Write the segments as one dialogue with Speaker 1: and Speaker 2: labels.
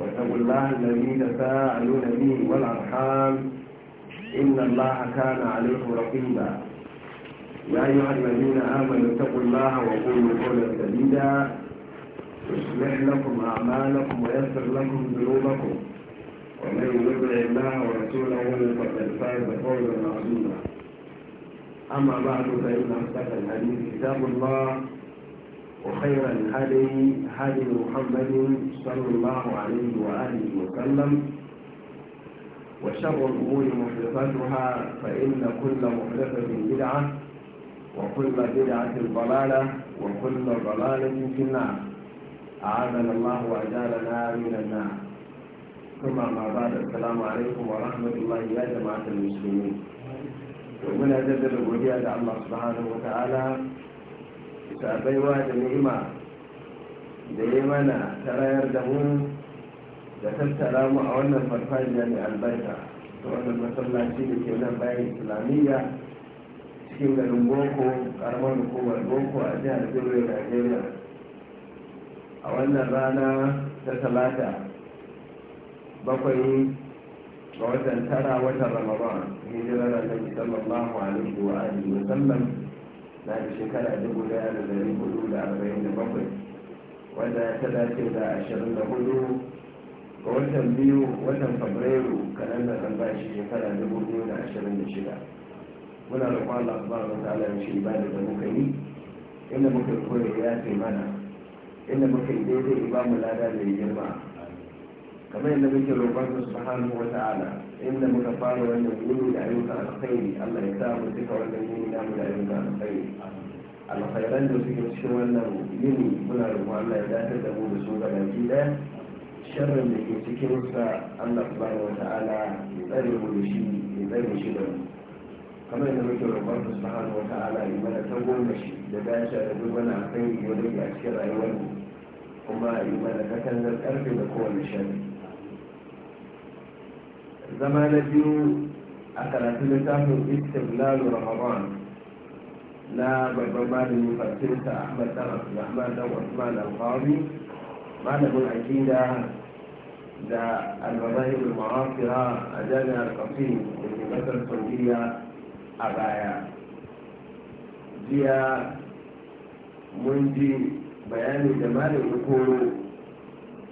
Speaker 1: واتقوا الله الذي تساءلون به والأرحام إن الله كان عليكم رقيبا يا أيها الذين آمنوا اتقوا الله وقولوا قولا سديدا يصلح لكم أعمالكم ويسر لكم ذنوبكم ومن يطع الله ورسوله فقد فاز فوزا عظيما أما بعد فإن أصدق الحديث كتاب الله وخير الهدي هدي محمد صلى الله عليه وآله وسلم وشر الأمور محدثاتها فإن كل محدثة بدعة وكل بدعة ضلالة وكل ضلالة في النار أعاذنا الله وأجالنا من النار ثم ما بعد السلام عليكم ورحمة الله يا جماعة المسلمين ومن أجل الوديع الله سبحانه وتعالى ta baiwa da ni'ima da ya mana ta rayar da mu da tattara mu a wannan farfajiya mai albarka ta wannan masallaci da ke nan bayan islamiyya cikin garin boko karamar hukumar boko a jihar birnin najeriya a wannan rana ta talata bakwai ga watan tara watan ramadan hijirar annabi sallallahu alaihi wa alihi wa sallam na da shekara dubu daya da dari hudu da arba'in da bakwai wanda ya ta dace da ashirin da hudu ga watan biyu watan fabrairu kalandar albashi shekara dubu biyu da ashirin da shida muna da kwan ba wata alamshi ibada da muka yi inda muka kore ya fi mana inda muka yi daidai ba mu lada mai girma kamar yadda muke roƙon su hannu wata ala inda muka fara wannan yini da ayyukan alkhairi Allah ya sa mu duka wannan yini namu da ayyukan alkhairi alkhairan da suke cikin wannan yini muna roƙon Allah ya dace da mu da su ga baki ɗaya sharrin da ke cikin sa Allah subhanahu wa ta'ala ya tsare mu da shi ya tsare shi da mu kamar yadda muke roƙon su hannu wata ala ya mana ta goma shi da dace da duk wani alkhairi wanda ke a cikin rayuwar mu kuma ya mana katangar ƙarfe da kowane shari'a zama na biyu a karatun littafin istilalu ramadan na babban malamin farfinsa ahmad dan rahman dan usman al-qadi malamin aqida da al da al-mu'asira a jami'ar kafin da ke kasar saudiya a baya jiya mun ji bayani da malamin koro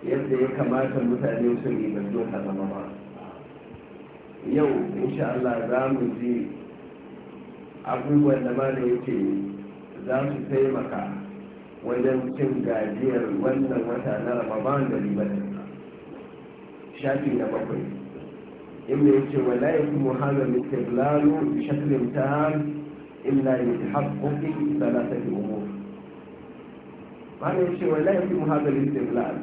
Speaker 1: yadda ya kamata mutane su ribanto ta zama ba yau insha Allah za mu ji abubuwan da mana yake za su taimaka wajen cin gajiyar wannan wata na ramadan da libatin shafi na bakwai inda yake wala ya kuma hana mistaglalu bi shaklin tam illa ya ta haƙoƙi da na tafi umur mana yake wala ya kuma hana mistaglalu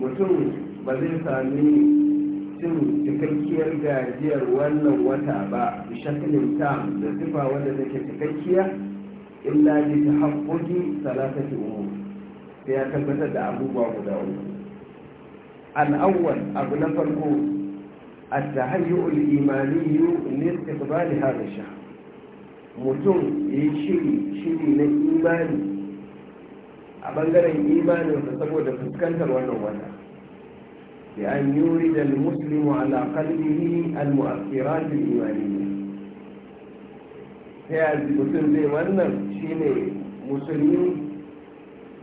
Speaker 1: mutum ba zai sami cin cikakkiyar gajiyar wannan wata ba da shaklin tam da sifa wadda take cikakkiya illa bi ta haƙƙoƙi salatati umur sai ya tabbatar da abubuwa guda uku al'awwal abu na farko التهيؤ الإيماني لاستقبال هذا الشهر mutum ya yi shiri shiri na imani a bangaren imaninsa saboda fuskantar wannan wata بأن يورد المسلم على قلبه المؤثرات الإيمانية هي المسلم زي ما شيني مسلم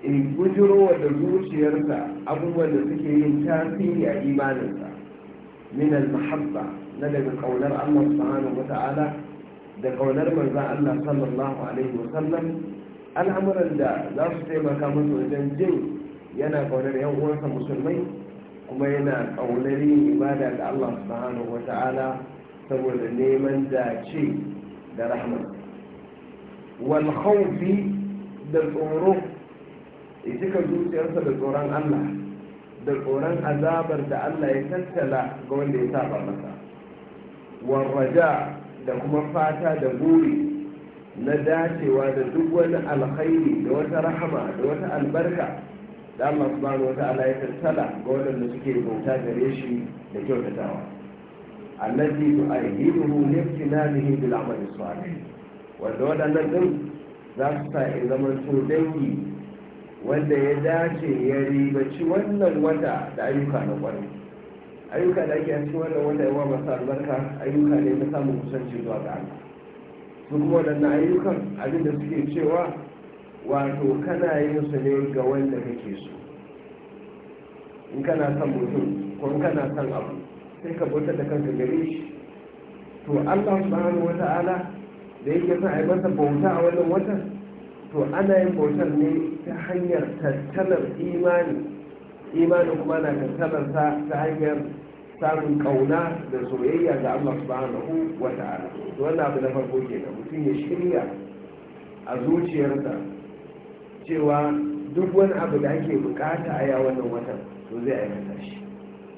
Speaker 1: in gujiro da zuciyarsa abubuwan da suke yin tasiri a imaninsa min al-mahabba na daga kaunar Allah subhanahu da kaunar manzon Allah sallallahu alaihi wa sallam al'amuran da za su taimaka musu wajen jin yana kaunar yan uwansa musulmai kuma yana ƙaunar yin ibada ga Allah subhanahu saboda neman dace da rahama. wal khawfi da tsoro ya cika zuciyarsa da tsoron Allah da tsoron azabar da Allah ya tattala ga wanda ya saba masa warraja da kuma fata da buri na dacewa da duk wani alkhairi da wata rahama da wata albarka da Allah subhanahu wa ta'ala ya tantala ga waɗanda suke bauta gare shi da kyautatawa allazi tu'ahiduhu liftinanihi bil amali salih wanda waɗannan din za su sa in zama to dangi wanda ya dace ya ribaci wannan wata da ayyuka na kwari ayyuka da ake a cikin wannan wata yawa masu albarka ayyuka ne na samun kusanci zuwa ga Allah su kuma waɗannan ayyukan abinda suke cewa wato kana yin su ne ga wanda kake so in kana son mutum ko in kana son abu sai ka bauta da kanka gare shi to allah subhanahu wa ta'ala da yake son ai masa bauta a wannan watan to ana yin bautar ne ta hanyar tattalar imani imanin kuma na tattalar ta hanyar samun kauna da soyayya ga allah subhanahu wa ta'ala to wannan abu na farko da mutum ya shirya a zuciyarsa cewa duk wani abu da ake bukata a wannan watan to zai aikata shi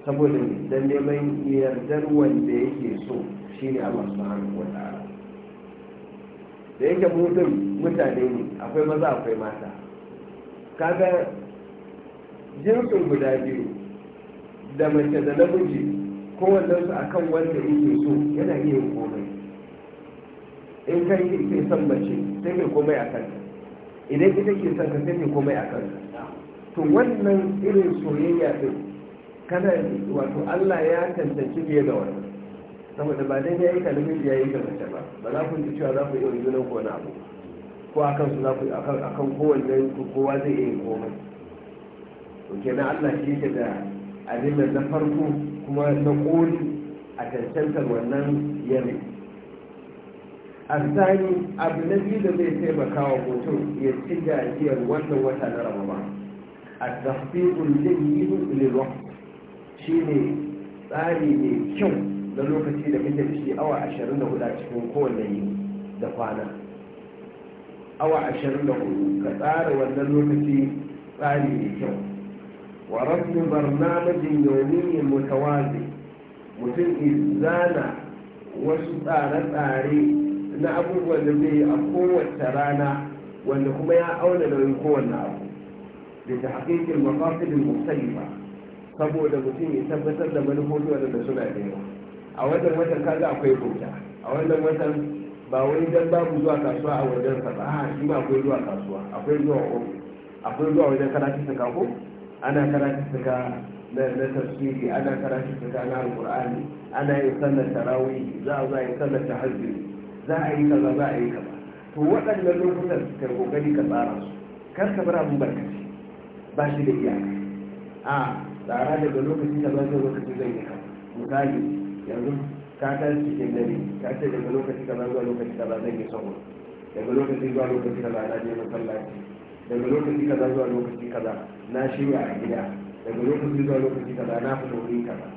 Speaker 1: saboda dan neman yardar wanda yake so shine Allah subhanahu wa ta'ala da yake mutum mutane ne akwai maza akwai mata kaga jinsin guda biyu da mace da namiji kowannen su akan wanda yake so yana iya komai in kai ke son mace sai kai komai a kanta idan ita ke son ka sani komai a kan to wannan irin soyayya din kana wato Allah ya tantance biye ga wannan saboda ba dai dan yayi kalmin ya yi ga mace ba ba za ku ji cewa za ku yi wani junan ko abu ko a kansu za ku yi a kan kowanne ku kowa zai iya komai to kenan Allah shi yake da abin da na farko kuma na koli a tantantar wannan yanayi a sani abu na biyu da zai taimaka wa mutum ya ci gajiyar wannan wata na ramama a tafiyun jin yi shi ne tsari mai kyau na lokaci da kake da shi awa ashirin da hudu a cikin kowanne yi da kwana awa ashirin da hudu ka tsara wannan lokaci tsari mai kyau wa rabu barnamajin ne mutawazi mutum izana wasu tsare-tsare na abubuwan da zai yi a kowace rana wanda kuma ya auna nauyin kowanne abu da ta hakikin musayi ba saboda mutum ya tabbatar da manufofi wanda suna da yawa a wannan watan kaga akwai bauta a wannan watan ba wani dan babu zuwa kasuwa a wajen sa ba a shi ma akwai zuwa kasuwa akwai zuwa ofis akwai zuwa wajen karatu ta kafo ana karatu ka na tafsiri ana karatu ka na alqur'ani ana yin sallar tarawih za a za a yi sallar tahajjud za a yi kaza za a yi kaza to waɗannan lokutan ka kokari ka tsara su kar ka bar abin barkaci ba shi da iyaka a tsara daga lokaci da zai lokaci zai yi ka misali yanzu ka tashi cikin dare ka ce daga lokaci kaza zuwa lokaci kaza zan yi sahur daga lokaci zuwa lokaci kaza na je masallaci daga lokaci kaza zuwa lokaci kaza na shirya a gida daga lokaci zuwa lokaci kaza na fito wurin kaza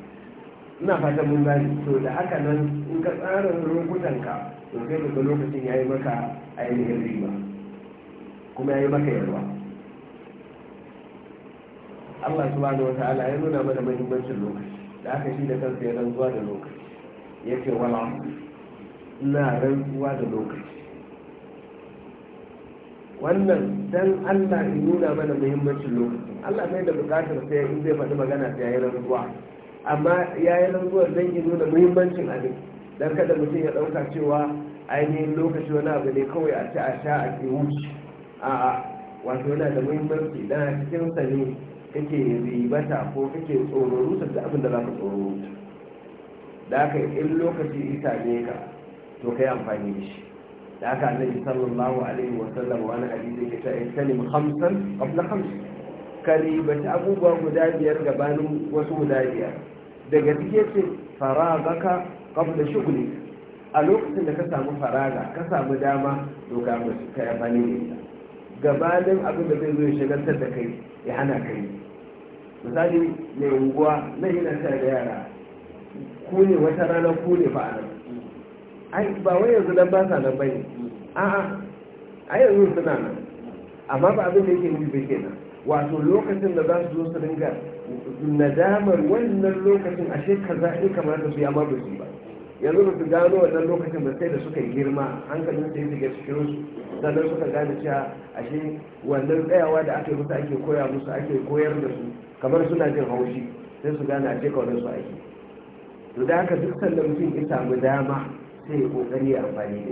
Speaker 1: ina fata mun gani to da haka nan in ka tsara rukunanka to sai ka lokacin ya yi maka ainihin riba kuma ya yi maka yarwa Allah subhanahu wa ta'ala ya nuna mana muhimmancin lokaci da aka shi da kansa ya rantsuwa da lokaci ya ce wala ina rantsuwa da lokaci wannan dan Allah ya nuna mana muhimmancin lokaci Allah bai da bukatar sai in zai faɗi magana sai ya yi rantsuwa amma ya yi lantuwar zan yi nuna muhimmancin abin don kada mutum ya ɗauka cewa ainihin lokaci wani abu ne kawai a ci a sha a ke wuce a wato yana da muhimmanci don a cikin sa ne kake ribata ko kake tsoro rusar da abin da za ka tsoro da yi in lokaci isa ne ka to ka yi amfani da shi da haka annabi sallallahu alaihi wa sallam wa ana hadisi ke ta iskalim khamsan na khams ka ribaci abubuwa guda biyar gabanin wasu guda biyar daga cike ce faragaka qabla shughli a lokacin da ka samu faraga ka samu dama doka ka mu ka yabani ne gabanin abin da zai zo ya shagaltar da kai ya hana kai misali mai unguwa na yana ta da yara ku ne wata rana ku ne ba ai ba wai yanzu dan ba sa nan ne. a'a ai yanzu suna nan amma ba abin da yake nufi bai kenan wato lokacin da za su zo su dinga nadamar wannan lokacin ashe kaza in kamata su yi amma ba su ba yanzu da su gano wannan lokacin da sai da suka yi girma hankalin sai su cikin su sannan suka gane cewa ashe wannan tsayawa da ake musu ake koya musu ake koyar da su kamar suna jin haushi sai su gane ashe kaunar su ake to da haka duk sanda mutum ya samu dama sai ya kokari ya amfani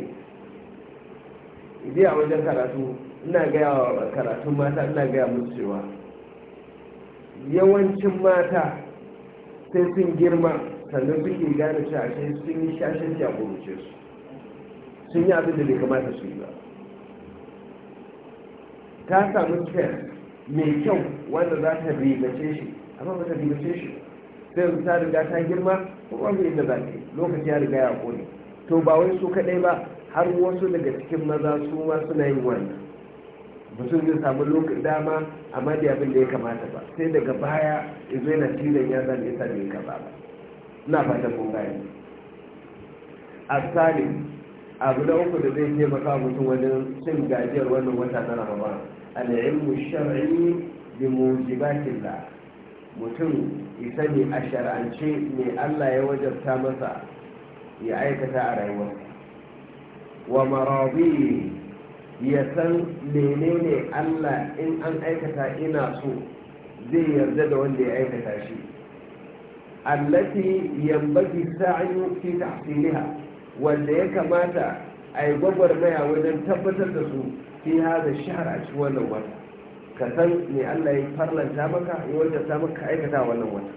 Speaker 1: da ita a wajen karatu ina gaya wa karatun mata ina gaya musu cewa yawancin mata sai sun girma sannan suke gane cewa shi sun yi shi a kuruce su sun yi abin da bai kamata su yi ba ta samu stress mai kyau wanda za ta ribace shi amma ba ta ribace shi sai ta riga ta girma ko ba inda za ta yi lokaci ya riga ya kone to ba wai su kaɗai ba har wasu daga cikin maza su ma suna yin wannan mutum zai samu lokacin dama a madi abin da ya kamata ba sai daga baya izo yana tilon ya zama ya kaba ba na fatan kun gani tsari abu na uku da zai taimaka mutum wajen cin gajiyar wannan wata na ramadan al'ilmu shar'i bi da mutum isa ne a shara'ance ne Allah ya wajabta masa ya aikata a rayuwarsa wa marabi ya san menene allah in an aikata ina so zai yarda da wanda ya aikata shi allati yambaki sa'ayu fi tahsiliha wanda ya kamata a yi gwagwarmaya wajen tabbatar da su fi hada shahar a cikin wannan wata ka san me allah ya farlanta maka ya ta maka aikata wannan wata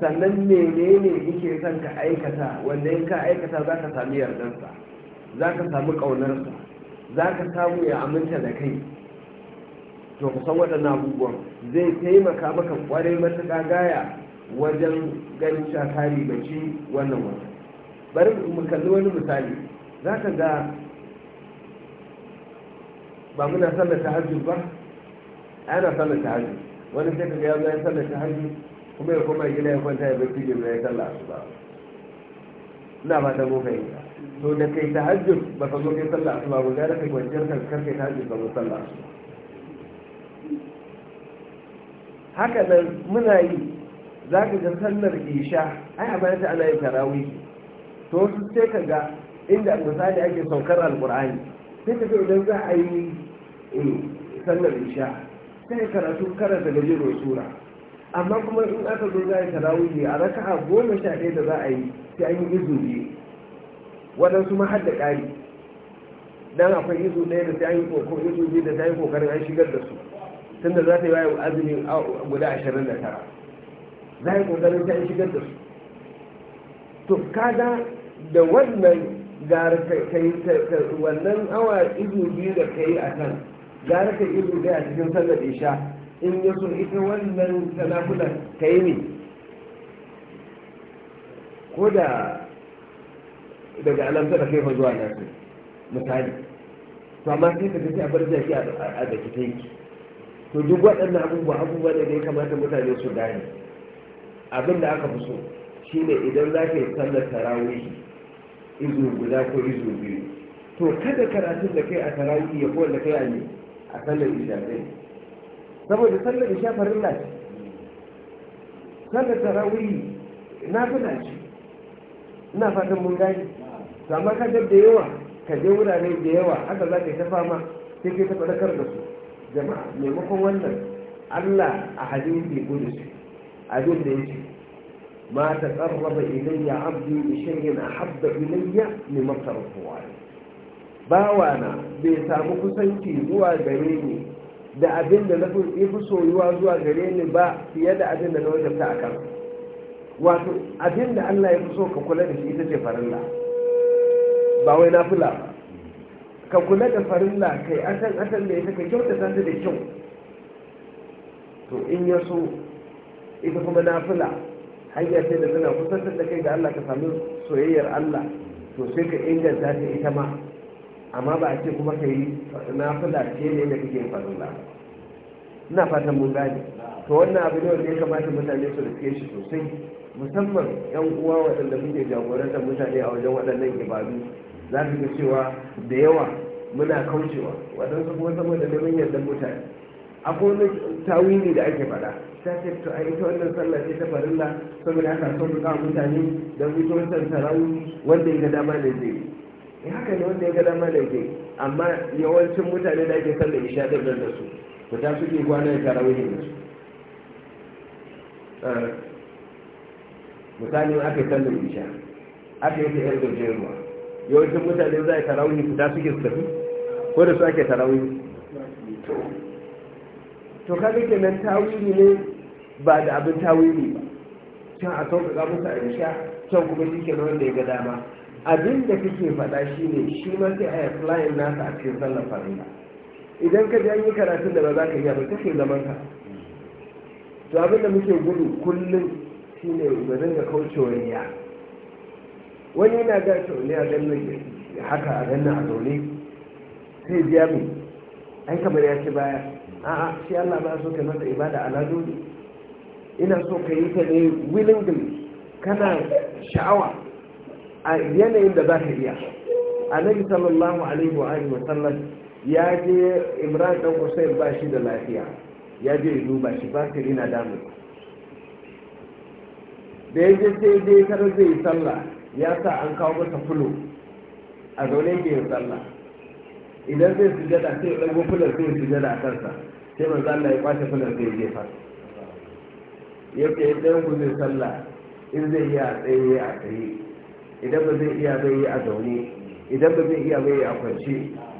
Speaker 1: sannan menene yake son ka aikata wanda in ka aikata za ka sami yardansa? za ka sami ƙaunarsa za ka samu ya aminta da kai to kusan waɗannan abubuwan zai taimaka maka ƙwarai matuƙa gaya wajen ganin kari bacci wannan wata bari mu kalli wani misali za ka ga ba muna sallar hajji ba ana sallar hajji? wani sai ka ga ya zai sallar hajji? kuma ya koma gida ya kwanta ya bar fijin ya sallar ba? ina ba ta mu fahimta to da kai ta hajjus ba ka zo kai sallah su ba zai rafi kwanciyar ka kai hajjus ba sallah haka nan muna yi za ka ga sallar isha ai a bayan ta ana yi tarawi to su sai ka ga inda misali ake saukar alkur'ani sai ka ga idan za a yi eh, sallar isha sai karatu karanta jiro sura amma kuma in aka zo za a yi tarawi a raka'a goma sha ɗaya da za a yi sai an yi izu biyu waɗansu ma har da ƙari dan akwai izu ɗaya da sai an yi kokarin da sai an kokarin an shigar da su tunda za ta yi wayo azumin guda ashirin da tara za a yi kokarin sai an shigar da su to kaga da wannan gara ka yi, wannan awa izu biyu da ka yi a kan gara ka izu ɗaya a cikin sallar isha in ya so ita wannan ka yi ne ko da daga alam ta kai fa zuwa nasu misali to amma sai ka tafi a bar zaki a da kitai to duk waɗannan abubuwa abubuwa ne da ya kamata mutane su gane abin da aka fi so shine idan za ka yi sallar tarawih izu guda ko izu biyu to kada karatun da kai a tarawih ya ko da kai a ne a sallar isha ɗin saboda sallar isha farin ce sallar tarawih na fi ce ina fatan mun gani sama ka da yawa ka je wurare da yawa haka za ka yi ta fama sai kai ta faɗakar da su jama'a maimakon wannan allah a hadisi kudusi abin da yake ma ta ƙarraba ilayya abdi bi shay'in ahabba ilayya mimma Bawa na bai samu kusanci zuwa gare ni da abin da na fi soyuwa zuwa gare ni ba fiye da abin da na wajabta a kan wato abin da allah ya fi so ka kula da shi ita ce farilla ba wai nafila ba ka kula da farin la kai asan asan da ita ka kyauta ta da kyau to in ya so ita kuma fula hanya sai da suna kusantar da kai da Allah ka sami soyayyar Allah to sai ka inganta ta ita ma amma ba a ce kuma ka yi fula ce ne da kake la ina fatan mun gane to wannan abu ne wanda ya kamata mutane su rike shi sosai musamman yan uwa waɗanda muke jagorantar mutane a wajen waɗannan ibadu za su ga cewa da yawa muna kaucewa waɗansu kuma saboda neman yardar mutane akwai wani tawili da ake faɗa ta ce to a ita wannan sallah ce ta farilla saboda haka son ka mutane da san sarawi wanda ya ga dama da zai yi eh, haka ne wanda ya ga dama da zai amma yawancin mutane da ake sallah isha ɗin da su ku ta suke kwana da ne da su eh, misali aka yi sallar isha aka yi ta yar gajeruwa yawancin mutane za a tarawih su ta suke su tafi ko da su ake tarawih to kaga kenan tawili ne ba da abin tawili ba can a sauƙaƙa musa a sha can kuma shi kenan wanda ya ga dama abin da kake faɗa shi ne shi ma sai a yi nasa a cikin sallar farila idan ka ji an yi karatun da ba za ka yi ba kake zaman ka to abin da muke gudu kullum ne ba zan ga kaucewa ya wani yana ga ne a ganin ya haka a ganin a zaune sai biya mai ai kamar ya ce baya a'a shi Allah ba so ka masa ibada a dole ina so ka yi ta ne willingly kana sha'awa a yanayin da za ka iya annabi sallallahu alaihi wa alihi wa sallam ya je imran dan husayn ba shi da lafiya ya je duba shi ba ka rina damu da ya sai dai kar zai sallah ya sa an kawo masa fulo a zaune ke yin sallah idan zai sujada sai ya ɗago fulan sai sujada a kansa sai ban zalla ya kwashe fulan sai ya jefa yadda ya ɗayan sallah in zai iya a tsaye a tsaye idan ba zai iya zai yi a zaune idan ba zai iya zai yi a kwance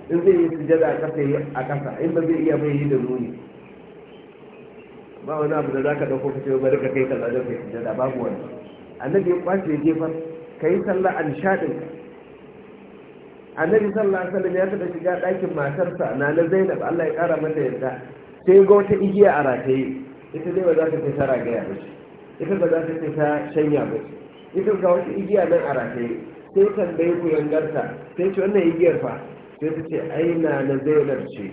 Speaker 1: in zai yi sujada a kasa a kasa in ba zai iya zai yi da nuni ba wani abu da za ka ɗauko ka ce bari ka kai kaza don kai sujada babu wani annabi ya kwashe ya jefa. ka yi sallah a nishaɗin annabi sallallahu alaihi ya taɓa shiga ɗakin matarsa na na zainab allah ya ƙara mata yarda sai ga wata igiya a rataye ita dai ba za ta fita ta ragaya ba ita ba za ta fita ta shanya ba ita ga wata igiya nan a rataye sai tambaye ku yangarta sai ce wannan igiyar fa sai ta ce aina na zainab ce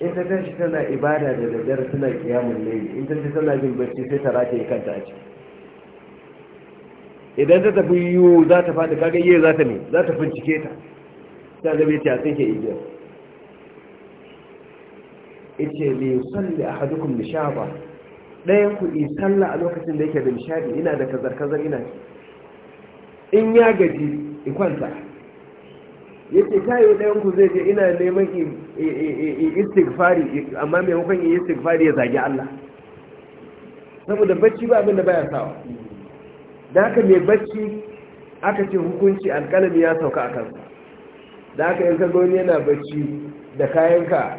Speaker 1: in ta tashi tana ibada da daddare tana kiyamun laili in ta ce tana jin bacci sai ta rataye kanta a ciki idan ta tafi yiwu za ta faɗi kaga yi za ta ne za ta fincike ta ta zabe ta sai ke igiyar ita ne salli a hadukun nishaba ɗayan ku yi sallah a lokacin da yake da nishadi ina da kazarkazar ina ina in ya gaji ikwanta yake kayo ɗayan ku zai je ina neman istighfari amma maimakon yi istighfari ya zagi Allah saboda bacci ba abin da baya sawa da haka mai bacci aka ce hukunci alkalami ya sauka a kansa da haka yanka goni yana bacci da kayanka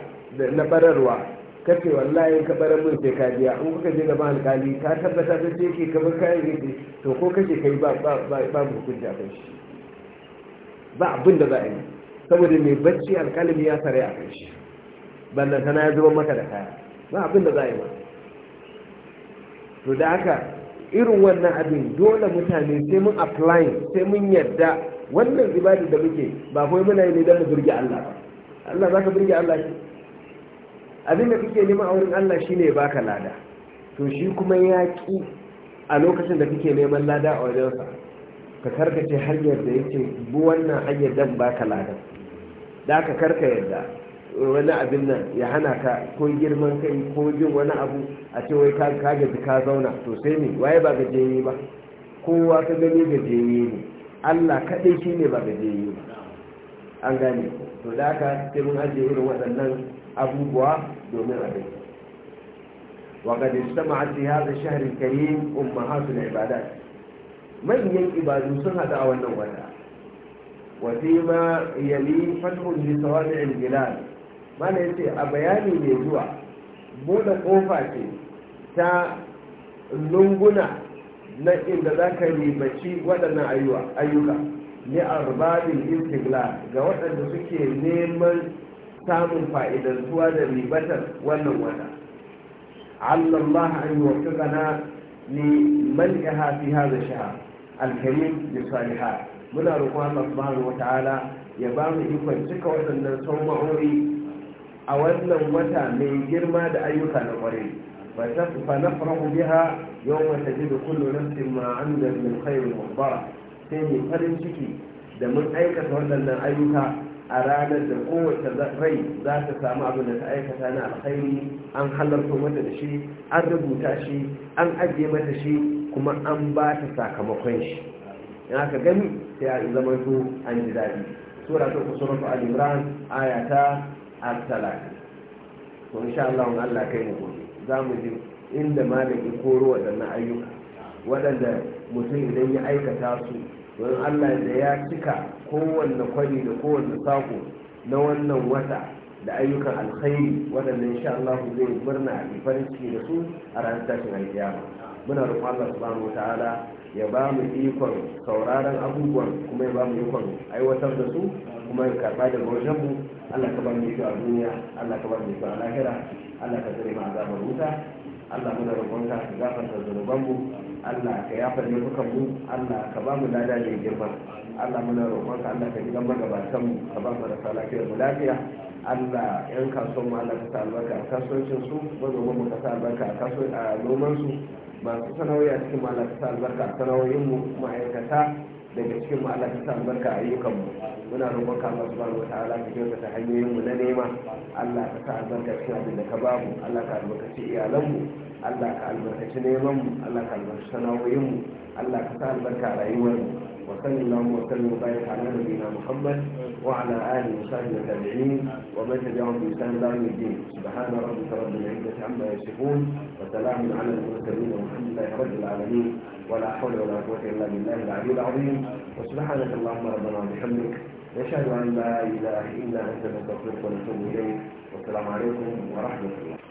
Speaker 1: na bararwa ka ce wallahi ka mun sai ka biya in kuka je gaba alkali ka tabbata ta ce ke kamar kayan yake to ko kake kai ba ba hukunci a kanshi. shi ba abin da za a yi saboda mai bacci alkalami ya sare a kanshi. Bannan tana ya zuba maka da kaya ba abin da za a yi ba to da haka irin wannan abin dole mutane sai mun apply sai mun yarda wannan ibada da muke ba kawai muna yi ne don mu burge Allah ba Allah za ka burge Allah shi abin da kake nema a wurin Allah shine ya baka lada to shi kuma ya ki a lokacin da kake neman lada a wajensa ka karkace hanyar da yake bu wannan hanyar dan baka lada da ka karka yadda. wani abin nan ya hana ka ko girman kai ko jin wani abu a ce wai ka gaji ka zauna to sai ne waye ba jeyi ba kowa ka gani jeyi ne allah kaɗai shi ne ba jeyi ba an gane to da ka sai mun ajiye irin waɗannan abubuwa domin a rai وقد اجتمعت في هذا الشهر sun أمهات a wannan wata. سنة أو النوبة وفيما يلي فتح لصوابع البلاد mana ya ce a bayani mai zuwa buɗe ƙofa ce ta lunguna na inda za ka ribaci waɗannan ayyuka ne a rubabin istigla ga waɗanda suke neman samun fa'idantuwa da ribatar wannan wata allah an yi wasu gana ne fi haza shaha alkarim da saliha muna roƙon allah subhanahu wa ta'ala ya ba mu ikon cika waɗannan sauma'ori a wannan wata mai girma da ayyuka na ta fa nafrahu biha yawma kullum kullu nafsin ma da min khairin ba. sai mai farin ciki da mun aikata waɗannan ayyuka a ranar da kowace rai za ta samu abin da ta aikata na alkhairi an halarta mata da shi an rubuta shi an ajiye mata shi kuma an ba ta sakamakon shi in aka gani sai a zama su an ji daɗi sura ta kusuratu al-imran ayata asalaki talatin to insha Allah in Allah kai mu gobe za mu ji inda malami koro waɗannan ayyuka waɗanda mutum idan ya aikata su don Allah da ya cika kowanne kwari da kowanne sako na wannan wata da ayyukan alkhairi waɗanda insha Allah zai murna a farin ciki da su a ranar tashin alkiyama muna roƙon Allah subhanahu wataala ya ba mu ikon sauraron abubuwan kuma ya ba mu ikon aiwatar da su kuma ya karɓa daga mu. Allah ka bar mu a duniya Allah ka bar mu a lahira Allah ka tsare mu azabar wuta Allah muna roƙonka ka gafarta zunuban mu Allah ka yafa ne dukan mu Allah ka ba mu lada da girma Allah muna ka Allah ka gidan magabatan mu ka ba mu da salafiyar mu lafiya Allah yan kasuwan mu Allah ka sa albarka a kasuwancin su manoman mu ka sa albarka a kasuwan noman su masu sana'o'i a cikin mu Allah ka sa albarka a sana'o'in mu ma'aikata daga cikin mu Allah ta sa albarka a ayyukan mu muna roƙon ka Allah subhanahu wataala ka kyauta ta hanyoyin mu na nema Allah ka sa albarka cikin abin da ka babu Allah ka albarkaci iyalan mu Allah ka albarkaci neman mu Allah ka albarkaci sana'o'in mu Allah ka sa albarka a rayuwar mu وصل اللهم وسلم وبارك على نبينا محمد وعلى اله وصحبه التابعين ومن تبعهم بإحسان الى يوم الدين سبحان ربك رب العزه عما يصفون وسلام على المرسلين والحمد لله رب العالمين ولا حول ولا قوه الا بالله العلي العظيم وسبحانك اللهم ربنا وبحمدك نشهد ان لا اله الا انت نستغفرك ونتوب اليك والسلام عليكم ورحمه الله